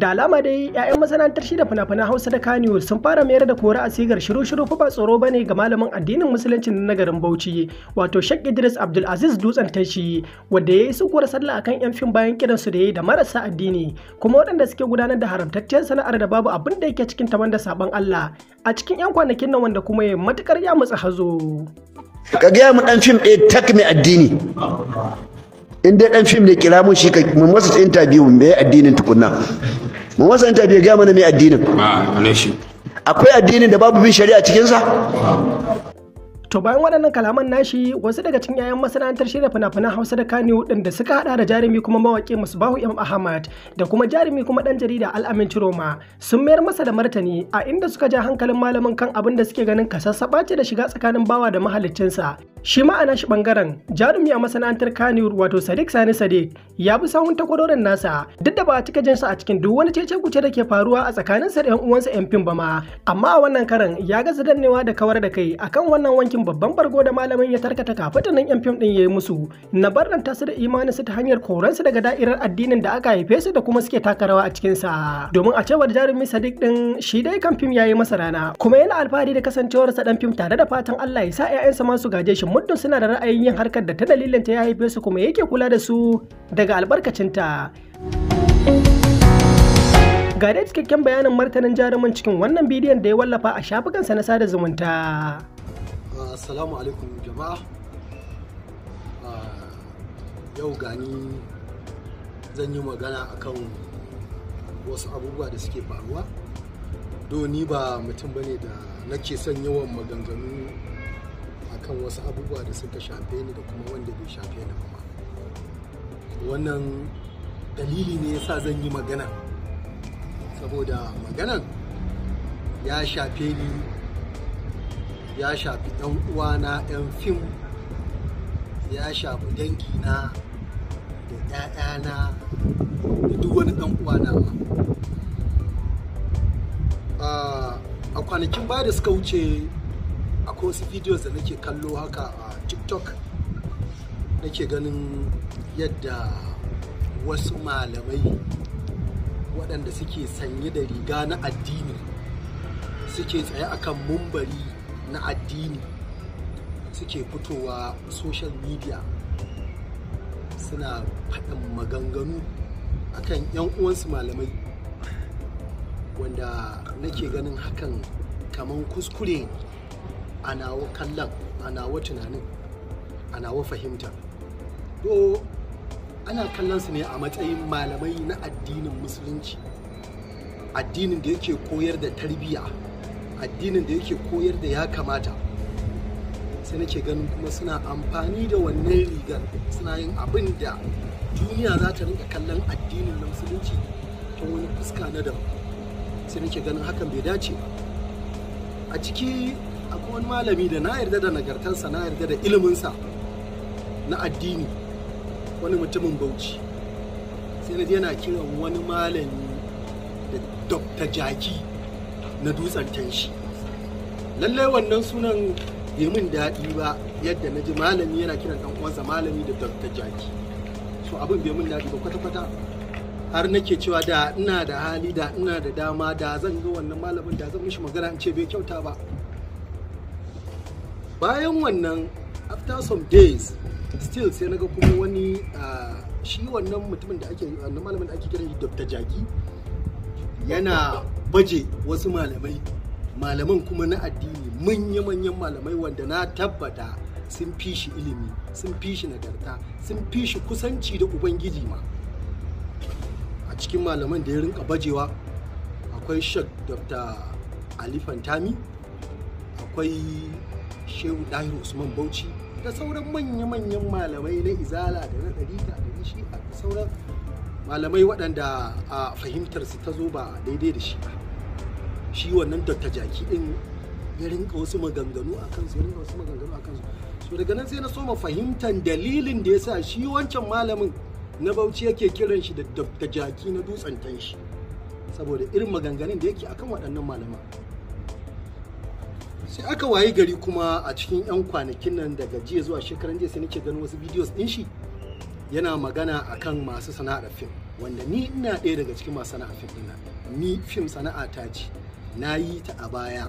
da alama dai 'ya'yan masana'antar shida fina-finan hausa da kaniyo sun fara mayar da kora a sigar shiru-shiru ba tsoro ba ne ga malamin addinin musulunci na garin bauchi wato shek idris abdulaziz dutsen tashi wanda ya yi sukuwar sallah akan yan fim bayan kiransu da ya yi da marasa addini kuma waɗanda suke gudanar da haramtacciyar sana'ar da babu abin da yake cikin ta wanda saban allah a cikin 'yan kwanakin nan wanda kuma ya matukar ya matsa hazo. ka gaya mu dan fim ɗaya tak mai addini in dai dan fim ne kira mun shi ka mun masa interview mai addinin tukunna mu wasanta bai gaya mana mai addinin akwai addinin da babu bin shari'a cikinsa To bayan waɗannan kalaman nashi wasu daga cikin 'ya'yan masana'antar shirya fina-finan Hausa da Kano ɗin da suka haɗa da jarumi kuma mawaƙi Musbahu M Ahmad da kuma jarumi kuma ɗan jarida Al'amin Roma, sun mayar masa da martani a inda suka ja hankalin malamin kan abin da suke ganin kasassaɓa ce da shiga tsakanin bawa da mahaliccinsa. Shi ma a nashi ɓangaren jarumi a masana'antar Kano wato Sadiq Sani Sadiq ya bi sahun takwarorin nasa duk da ba a cika jinsa a cikin duk wani cece kuce da ke faruwa a tsakanin sa da 'yan uwansa 'yan fim ba ma amma a wannan karan ya ga dannewa da kawar da kai akan wannan wankin cikin babban bargo da malamin ya tarkata kafatan nan yan fim din yayi musu na barranta su da imanin su ta hanyar koran su daga da'irar addinin da aka haife su da kuma suke taka rawa a cikin sa domin a cewar jarumi Sadiq din shi dai kan fim yayi masa rana kuma yana alfahari da kasancewar sa dan fim tare da fatan Allah ya sa ƴaƴansa ma su gaje shi muddin suna da ra'ayin yin harkar da ta dalilin ta ya haife su kuma yake kula da su daga albarkacinta. Ga dai cikakken bayanin martanin jarumin cikin wannan bidiyon da ya wallafa a shafukansa na sada zumunta. assalamu alaikum jama'a ah, yau gani zan yi magana akan wasu abubuwa da suke faruwa ni ba mutum bane da nake son yawan maganganu akan wasu abubuwa da suka shafe ni da kuma wanda bai shafe ni ba wannan dalili ne yasa zan yi magana saboda maganan ya shafe ni ya shafi ɗan uwana 'yan fim ya shafi dangina da 'ya'yana da duk wani ɗan uwana a kwanakin baya da suka wuce akwai wasu videos da nake kallo haka a tiktok nake ganin yadda wasu malamai waɗanda suke sanye da riga na addini suke tsaye akan mumbari na addini suke fitowa social media suna faɗin maganganu akan 'yan uwansu malamai wanda nake ganin hakan kaman kuskure a nawa kallon a nawa tunanin a nawa fahimta to ana kallon su ne a matsayin malamai na addinin musulunci addinin da yake koyar da tarbiyya addinin da yake koyar da ya kamata sai nake ganin kuma suna amfani da wannan rigar suna yin abin da duniya za ta rinka kallon addinin na musulunci ta wani fuska na da sai nake ganin hakan bai dace ba a ciki akwai wani malami da na yarda da nagartarsa na yarda da iliminsa na addini wani mutumin bauchi sai na je yana kiran wani malami da dr jaki na dutsen tanshi lallai wannan sunan bai min daɗi ba yadda na ji malami yana kiran ɗan uwansa malami da dr jaki so abin bai min daɗi ba kwata-kwata har nake cewa da ina da hali da ina da dama da zan ga wannan malamin da zan mishi magana in ce bai kyauta ba bayan wannan after some days still sai naga kuma wani shi wannan mutumin da ake wannan malamin da ake kiran dr jaki yana baje wasu malamai malaman kuma na addini manya-manyan malamai wanda na tabbata sun fi shi ilimi sun fi shi nagarta sun fi shi kusanci da ubangiji ma a cikin malaman da ya rinka bajewa akwai shek dr ali fantami akwai shehu dahir usman bauchi da sauran manya-manyan malamai na izala da na ɗarika da na shi'a sauran malamai waɗanda a fahimtarsu ta zo ba daidai da shi ba shi wannan dr jaki din ya rinka wasu maganganu a kansu ya rinka wasu maganganu a kansu so daga nan sai na soma fahimtar dalilin da ya sa shi wancan malamin na bauchi yake kiran shi da dr jaki na dutsen tanshi saboda irin maganganun da yake akan waɗannan malaman sai aka wayi gari kuma a cikin 'yan kwanakin nan daga jiya zuwa shekaran jiya sai nake ganin wasu bidiyos din shi yana magana akan masu sana'ar fim wanda ni ina ɗaya daga cikin masu sana'ar fim ni fim sana'a ta ce na yi ta a baya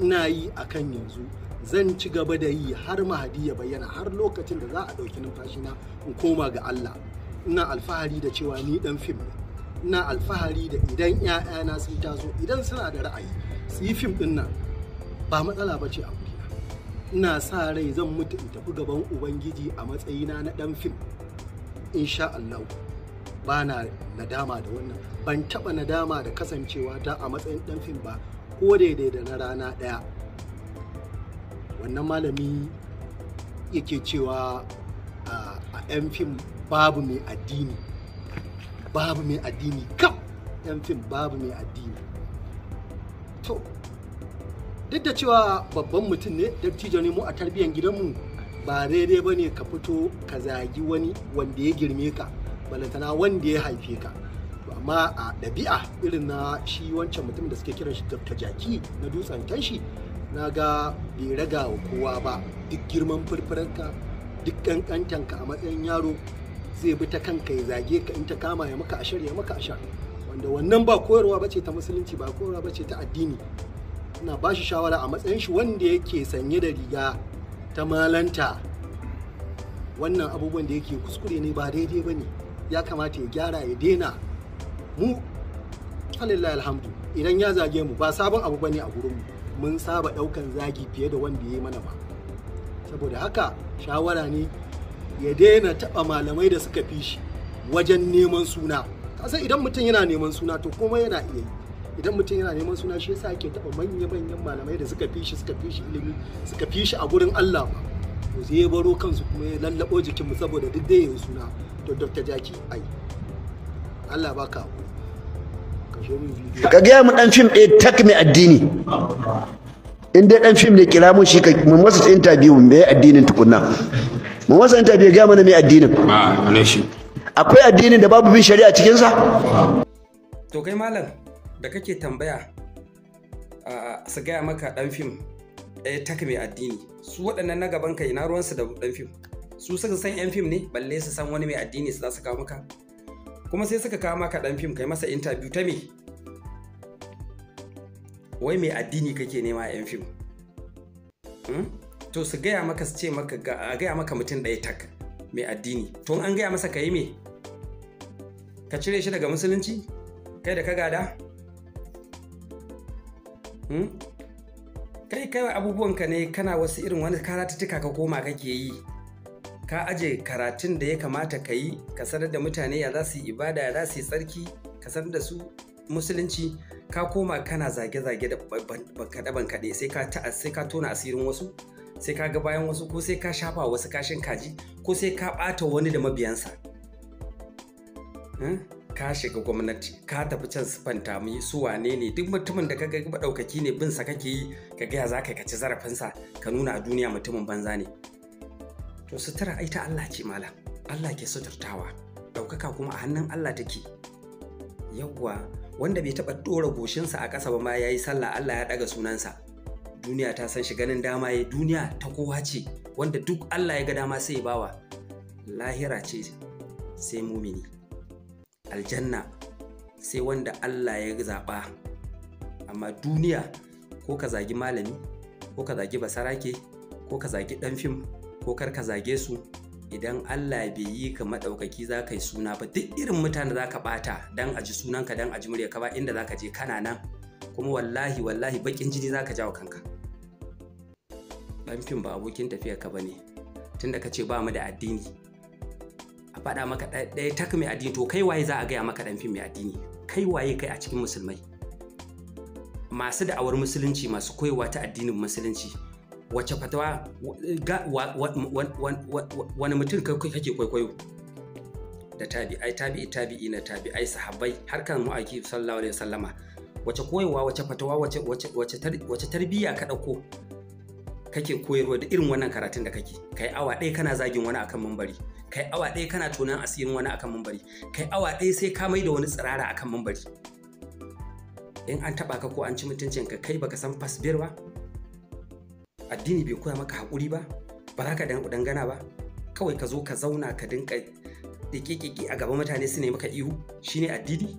ina yi a kan yanzu zan ci gaba da yi har mahadi ya bayyana har lokacin da za a ɗauki numfashina in koma ga Allah ina alfahari da cewa ni dan fim ne ina alfahari da idan 'ya'yana sun taso idan suna da ra'ayi su yi fim ɗin nan ba matsala ba ce a wurina ina sa rai zan mutu in tafi gaban ubangiji a matsayina na dan fim insha Allah Bana nadama da wannan ban taɓa nadama da kasancewa ta a matsayin ɗan fim ba ko daidai da na rana ɗaya wannan malami yake cewa a 'yan fim babu mai addini babu mai addini kam 'yan fim babu mai addini to duk da cewa babban mutum ne dattijo ne mu a tarbiyyar gidanmu ba daidai ba ne ka fito ka zagi wani wanda ya girme ka balantana wanda ya haife ka to amma a ɗabi'a irin na shi wancan mutum da suke kiran shi dr jaki na dutsen kanshi, na ga bai raga wa kowa ba duk girman furfuranka duk kankantanka a matsayin yaro zai bi ta kanka ya zage ka in ta kama ya maka ashar ya maka ashar wanda wannan ba koyarwa bace ta musulunci ba koyarwa bace ta addini ina ba shi shawara a matsayin shi wanda yake sanye da riga ta malanta wannan abubuwan da yake kuskure ne ba daidai ba ne ya kamata ya gyara ya daina mu alhamdulillah alhamdu idan ya zage mu ba sabon abu bane a gurin mu mun saba daukan zagi fiye da wanda ya yi mana ba saboda haka shawara ne ya daina taba malamai da suka fi shi wajen neman suna kasan idan mutum yana neman suna to kuma yana iya yi idan mutum yana neman suna shi yasa ake taba manya-manyan malamai da suka fi shi suka fi shi ilimi suka fi shi a gurin Allah ba to sai ya baro kansu kuma ya lallabo jikinmu saboda duk dai yin suna to dr jaki ai allah ba ka ka gaya mu dan fim ɗaya tak mai addini in dai dan fim ne kira mun shi ka mu masa interview mai addinin tukunna Mun masa interview gaya mana mai addinin akwai addinin da babu bin shari'a cikinsa to kai malam da kake tambaya su gaya maka dan fim ɗaya tak mai addini su waɗannan na gaban ka ina ruwansu da dan fim su suka san yan fim ne balle su san wani mai addini su za su kawo maka kuma sai suka kawo maka dan fim kai masa interview ta me wai mai addini kake nema a yan fim hmm? to su gaya maka su ce maka a gaya maka mutum ɗaya tak mai addini to an gaya masa ka yi me ka cire shi daga musulunci kai da ka gada hmm? kai kai abubuwanka ne kana wasu irin wani karatuttuka ka koma kake yi ka aje karatun da ya kamata ka yi ka sanar da mutane ya za su yi ibada ya za su yi tsarki ka sanar da su musulunci ka koma kana zage-zage da bankaɗe-bankaɗe sai ka tona asirin wasu sai ka ga bayan wasu ko sai ka shafa wasu kashin kaji ko sai ka ɓata wani da mabiyansa hmm? ka shiga gwamnati ka tafi can sifanta mu su wane ne duk mutumin da kaga maɗaukaki ne bin sa kake yi ka gaya za ka ci zarafinsa ka nuna a duniya mutumin banza ne to sutura ai ta Allah ce malam Allah ke suturtawa ɗaukaka kuma a hannun Allah take yawwa wanda bai taɓa ɗora goshinsa a ƙasa ba ma ya yi sallah Allah ya ɗaga sunansa duniya ta san shi ganin dama ya duniya ta kowa ce wanda duk Allah ya ga dama sai ya bawa lahira ce sai mumini aljanna sai wanda Allah ya zaɓa amma duniya ko ka zagi malami ko ka zagi basarake ko ka zagi ɗan fim ko kar ka zage su idan Allah bai yi ka madaukaki za ka yi suna ba duk irin mutane za ka ɓata don a ji sunanka don a ji murya ka ba inda za ka je kana nan kuma wallahi wallahi bakin jini za ka jawo kanka ɗanfin ba abokin tafiya ka ba ne tunda ka ce ba mu da addini a faɗa maka ɗaya tak mai addini to kai waye za a gaya maka ɗanfin mai addini kai waye kai a cikin musulmai masu da'awar musulunci masu koyewa ta addinin musulunci wace fatawa wani mutum kake kwaikwayo da tabi'ai tabi tabi'i na ai sahabbai har kan mu'aiki sallallahu alaihi wasallama wace koyewa wace fatawa wace tarbiyya ka dauko kake koyarwa da irin wannan karatun da kake kai awa ɗaya kana zagin wani akan mambari kai awa ɗaya kana tunan asirin wani akan mambari kai awa ɗaya sai ka mai da wani tsirara akan mambari in an taɓa ka ko an ci mutuncin ka kai baka san fasbirwa ba addini bai koya maka haƙuri ba ba za ka dangana ba kawai ka zo ka zauna ka dinka ƙiƙiƙi a gaba mutane su ne maka ihu shi ne addini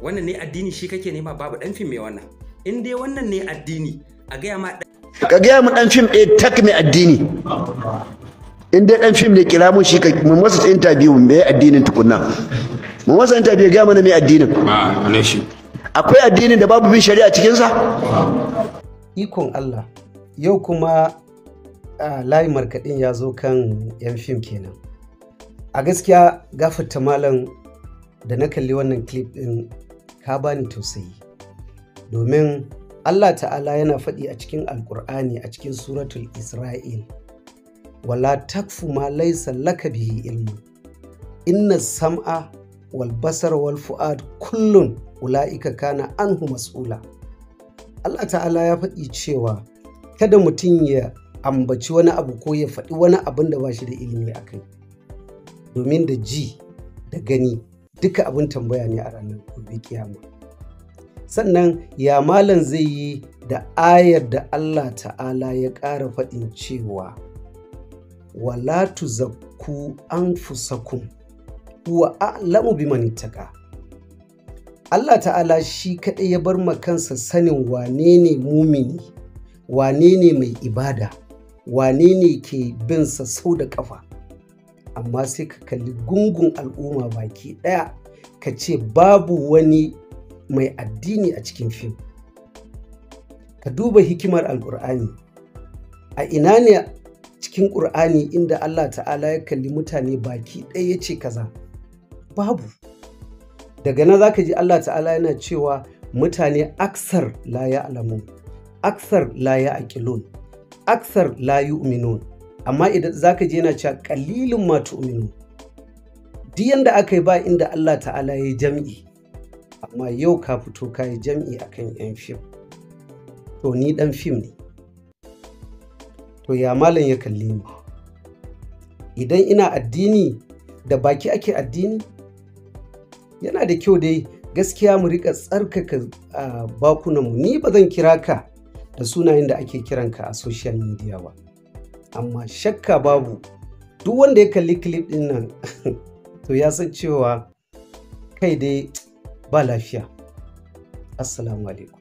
wannan ne addini shi kake nema babu ɗan fim mai wannan in dai wannan ne addini a gaya ma ka gaya mu ɗan fim ɗaya tak mai addini in dai ɗan fim ne kira mun shi ka mu masa interview mai addinin tukunna mu masa interview gaya mana mai addinin akwai addinin da babu bin shari'a cikin sa ikon Allah yau kuma uh, layin markaɗin ya zo kan 'yan fim kenan a gaskiya gafata malam da na kalli wannan clip ɗin ka bani tausayi domin allah ta'ala yana faɗi a cikin alkur'ani a cikin suratul isra'il wala takfu ma laisa laka bihi ilmu inna sam'a wal basar wal fu'ad kullun ula'ika kana anhu mas'ula allah ta'ala ya faɗi cewa kada mutum ya ambaci wani abu ko ya faɗi wani abin da ba shi da ilimi a kai domin da ji da gani duka abin tambaya ne a ranar gobe kiyama sannan ya malam zai yi da ayar da Allah ta'ala ya ƙara faɗin cewa wala fusakun. anfusakum huwa a'lamu biman ittaqa Allah ta'ala shi kaɗai ya bar ma kansa sanin wane ne mumini wane ne mai ibada wane ne ke bin sa sau da ƙafa? amma sai ka kalli gungun al'umma baki ɗaya ka ce babu wani mai addini a cikin fim ka duba hikimar alkur'ani a ina ne cikin ƙur'ani inda allah ta'ala ya kalli mutane baki ɗaya ya ce kaza babu daga nan za ka ji allah ta'ala yana cewa mutane aksar la ya alamu aksar la ya aqilun aksar la yu'minun amma idan zaka je yana cewa qalilun ma tu'minun duk yanda aka yi ba inda Allah ta'ala ya jam'i amma yau ka fito ka yi jam'i akan yan fim to ni dan fim ne to ya malam ya kalli ni idan ina addini da baki ake addini yana da kyau dai gaskiya mu rika tsarkaka ah, mu. ni ba zan kira ka da sunayen da ake kiranka a social media ba amma shakka babu duk wanda ya kalli clip din nan to ya san cewa kai dai ba lafiya assalamu alaikum